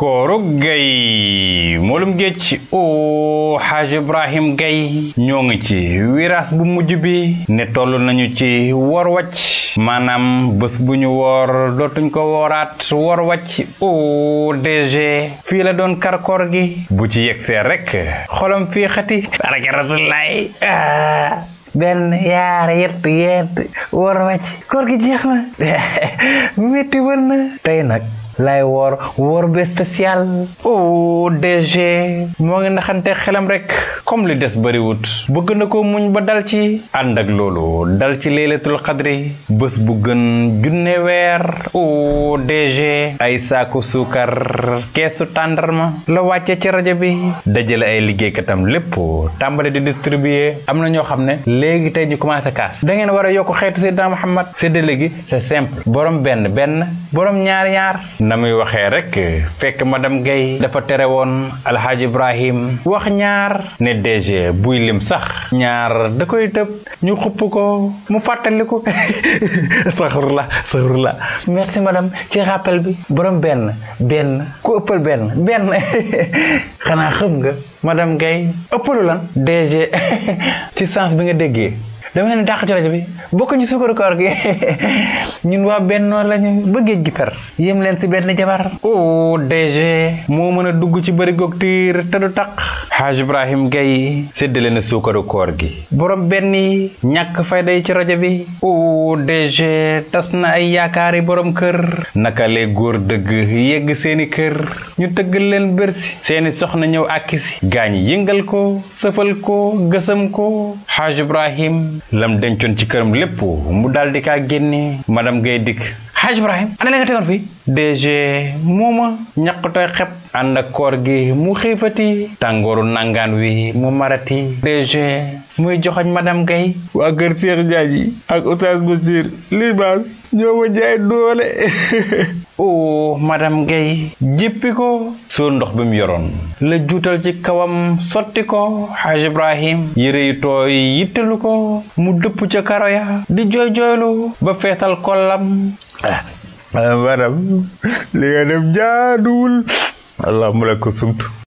kooro gay molum gech o haj ibrahim gay ñong ci wiras bu mujj bi ne tollu nañu ci wor wacc manam bés buñu wor dotuñ ko worat wor wacc o dg fi la kar kor gi bu ci yegsee rek xolam fi xati baraka rasulallah ben yaar yett yett wor wacc kor gi jeex na metti wër na tey lay woor woor bi spécial o DG moo ngi naxante xelam rek comme li des bariwut bëgg na ko muñ ba dal ci ànd ak loolu dal ci laylatul xadri bés bu gën junne weer o DG ay saaku suukar keesu tàndarma la wàcce ci rajo bi dajale ay liggéeykatam lépp tàmbale di distribuer am na ñoo xam ne léegi tey ñu commencé kaas da ngeen war a yokk xeetu Seydina Muhammad séddale gi c'est simple borom benn benn borom ñaar ñaar na muy waxee rek fekk madame Guèye dafa tere woon alxaaji Ibrahim wax ñaar ne DG buy lim sax ñaar da koy tëb ñu xupp ko mu fàttaliku saxurla la merci madame ci rappel bi borom benn benn ku ëppal benn benn xanaa xam nga madame Guèye ëppalu lan DG ci sens bi nga déggee dama leen dàq ci rajo bi bokkuñ ci sukkaru koor gi ñun waa bennoo lañu ba gi per yéem leen si benn jabar o DG moo mën a dugg ci barigoog tiir te du taq Haaj Ibrahim Gaye séddale na sukkaru koor gi borom benn yi ñàkk fayda yi ci rajo bi o DG tas na ay yaakaari borom kër naka lee góor dëgg yegg seeni kër ñu tëggal leen bërsi seeni soxna ñëw àkki si gaañ yëngal ko sëfal ko gësam ko Haaj Ibrahim lam dencoon ci këram lépp mu daal di kaa génne madame Gaye dikk Haj Ibrahim ana la nga tegoon fii DG mooma ñaqutooy xep ànd ak koor gi mu xiifati tàngooru nangaan wi mu marati DG muy joxoñ madame Gaye waa kër Cheikh Ndiaye yi ak oustaz Bachir Libaas ñoo ma doole oh madame Gaye jéppi ko soo ndox bi mu yoroon la juutal ci kawam sotti ko xaaj Ibrahim yére yu tooy yittalu ko mu dëpp ca karo ya di jooy jooylu ba feesal kollam ah, ah, madame li nga dem jaaduwul allahuma la ko sumtu